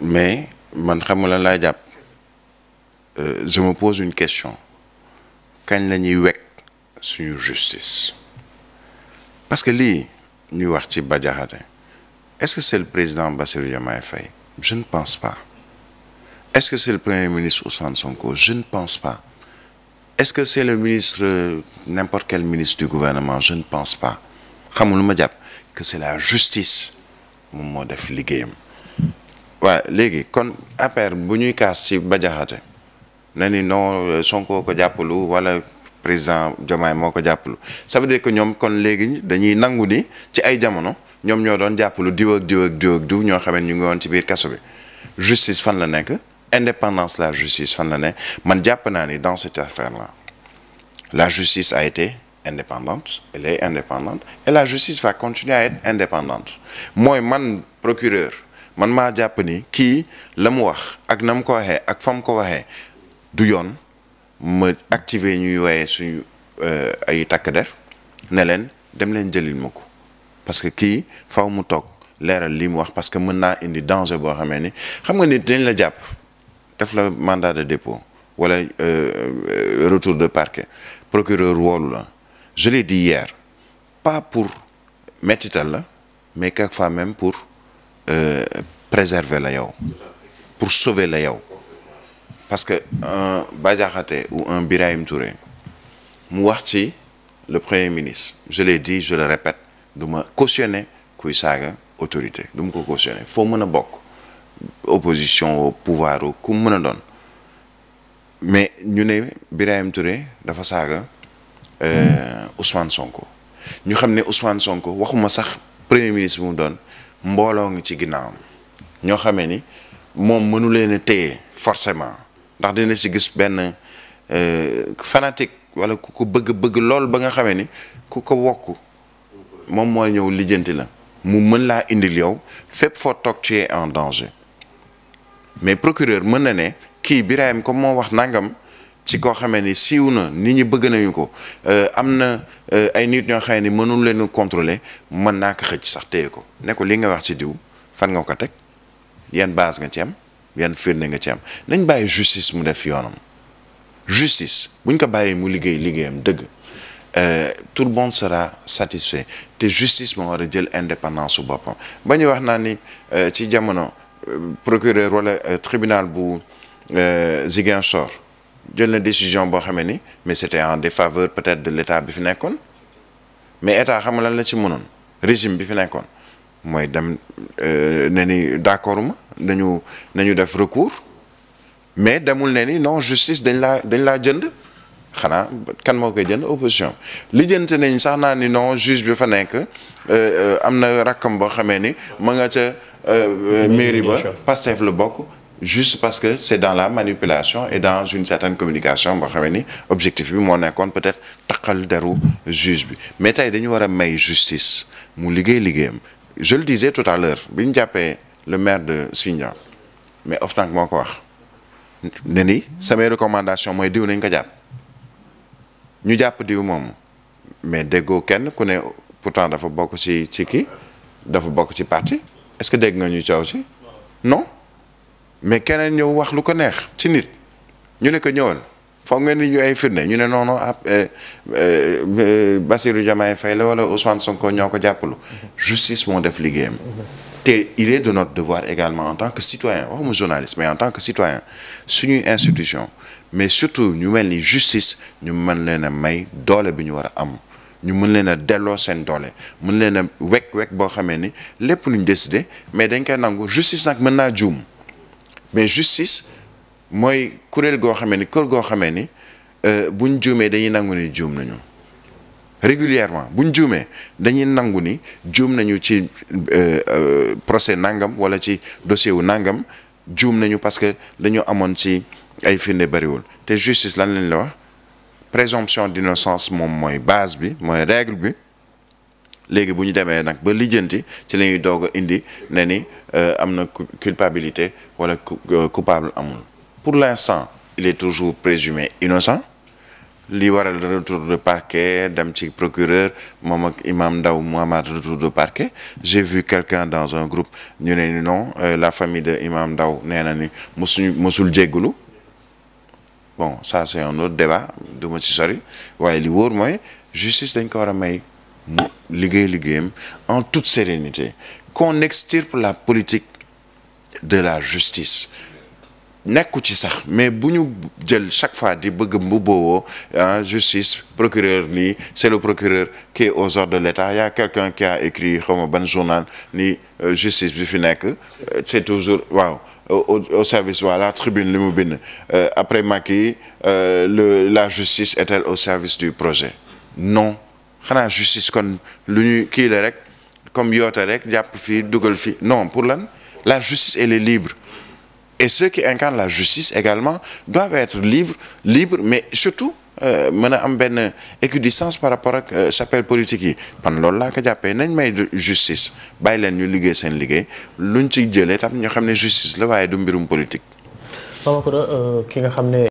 mais man xam nga lan laa jàpp euh, je me pose une question kañ la ñuy wekk suñu justice parce que lii ñuy wax ci Bah Diakhaté est-ce que c'est le président Bassirou Diomaye Faye je ne pense pas est-ce que c'est le premier ministre Ousmane Sonko je ne pense pas est-ce que c'est le ministre n'importe quel ministre du gouvernement je ne pense pas xamul lu ma jàpp que c'est la justice moom moo def liggéeyam waaw léegi kon APR bu ñuy kaas ci Bah Diakhaté na ni non Sonko ko jàppalu wala président Diomaye moo ko jàppalu ça veut dire que ñoom kon léegi dañuy nangu ni ci ay jamono ñoom ñoo doon jàppalu diw ak diw ak diw ak ñoo xam ne ñu ngi woon ci biir kaso bi justice fan la nekk indépendance la justice fan la man jàpp naa ni dans cette affaire là la justice a été indépendante elle est indépendante et la justice indépendante mooy man procureur man maa jàpp ni kii la mu wax ak na mu ko waxee ak fam ko waxee du yoon ma activer ñuy woyee suñu euh, ay takk def ne leen dem leen jëlil ma ko parce que kii faw mu toog leeral li mu wax parce que mën naa indi danger boo xamee ni xam nga nit dañ la jàpp def la mandat de dépôt wala euh, euh, retour de parquet procureur woolu la je di dit hier pas pour mettital la mais quelquefois même pour Euh, préserver la yow pour sauver la yow parce que un Badiakhaté ou un Birahim Touré mu wax ci le premier ministre je l'ai dit je le répète du ma cautionner kuy saaga autorité du ma ko cautionner foo mën a bokk opposition au pouvoir ou ku mën a doon mais ñu ne Birahim Touré dafa saaga euh, Ousmane Sonko ñu xam ne Ousmane Sonko waxuma sax premier ministre bu mu doon mbooloo ngi ci ginnaawam ñoo xamee ni moom mënu leen a téye forcément ndax dina si gis benn euh, fanatique wala ku ko bëgg bëgg lool ba nga xamee ni ku ko wokk moom moo ñëw lijjanti la mu mën laa indil yow fépp foo toog en danger mais procureur mën na ne kii Birahim comme moo wax nangam. ci koo xamee ni siiw na nit ñi bëgg nañu ko euh, am na euh, ay nit ñoo xamee ni mënul leen contrôler mën naa ko xëcc sax téye ko ne ko li nga wax ci diw fan nga ko teg yan base nga ci am yan firnde nga ci am nañ bàyyi justice mu def yoonam justice buñ ko bàyyi mu liggéey liggéeyam dëgg euh, tout le monde sera satisfait te justice moo war a jël indépendance su boppam ba ñu wax naa ni ci jamono procureur wala tribunal bu Ziguinchor jël na décision boo xamee ni mais c'était en faveurs peut-être de l'état bi fi nekkoon mais état xam nga lan la ci mënoon régime bi fi nekkoon mooy dem euh, ne ni d'accord ma nañu nañu def recours mais demul ne ni non justice dañ la dañ laa jënd xanaa kan moo koy jënd opposition li jënd nañ sax naa ni non juge bi fa nekk euh, euh, am na rakkam boo xamee ni ma nga ca mairie ba Pastef lu bokk juste parce que c'est dans la manipulation et dans une certaine communication boo xam ni objectif bi moo nekkoon peut-être taqal deru juge bi mais tey dañu war a may justice mu liggéey liggéeyam je le disais tout à l'heure bi ñu jàppee le maire de Sindian mais Ofnac moo ko wax ne ni samay recommandation mooy diw nañ ko jàpp ñu jàpp diw moom mais déggoo kenn ku ne pourtant dafa bokk ci ci kii dafa bokk ci parti est-ce que dégg nga ñu coow ci non mais keneen ñëw wax lu ko neex ci nit ñu ne ko ñëwal foog ngeen ni ñu ay firnde ñu ne non non ab ah, eh, eh, Bassirou Diomaye Faye la wala Ousmane Sonko ñoo ko jàppalu justice moo def liggéeyam. te il est de notre devoir également en tant que citoyen waxuma journaliste mais en tant que citoyen suñuy institution mais surtout ñu mel ni justice ñu mën leen a may doole bi ñu war a am. ñu mën leen a delloo seen doole mën leen a wekk wekk boo xamee ni lépp luñ décidé mais dañ koy nangu justice nag mën naa juum. mais justice mooy kuréel goo xamee ni kër goo xamee ni euh, buñ juumee dañuy nangu ni juum nañu régulièrement buñ juumee dañuy nangu ni juum nañu ci euh, euh, procès nangam wala ci dossier wu nangam juum nañu parce que dañu amoon ci ay firnde bariwul te justice lan lañ la wax présomption d'innocence moom mooy base bi mooy règle bi léegi bu ñu demee nag ba lijjanti ci lañuy ñuy doog a indi ne ni euh, am na culpabilité wala euh, coupable amul pour l'instant il est toujours présumé innocent li waral retour de parquet dem ci procureur moom ak imam Ndaw Mohamed retour de parquet j'ai vu quelqu'un dans un groupe ñu ne ni non euh, la famille de imam Ndaw nee na ni mosuñu mosul jéggulu bon ça c'est un autre débat du ma ci sori waaye li wóor mooy justice dañ ko war a may mu liggéey liggéeyam en toute sérénité qu'on extirpe la politique de la justice nekku ci sax mais bu ñu jël chaque fois di bëgg mbu booboo ah justice procureur nii c'est le procureur qui est aux ordres de l'État y a quelqu'un qui a écrit xawma ban journal ni euh, justice bi fi nekk euh, c'est toujours waaw Au, service voilà tribune li mu bind euh, après Macky euh, le la justice est au service du projet non xanaa justice kon lu ñu kii la rek comme yoote rek jàpp fii dugal fi non pour lan la justice elle est libre et ceux qui incarnent la justice également doivent être libre libres mais surtout euh, mën a am benn équidistance par rapport ak euh, chapelle politique yi pan loolu laa ko jàppee nañ may justice bàyyi leen ñu liggéey seen liggéey luñ ci jëlee tam ñu xam ne justice la waaye du mbirum politique. Euh,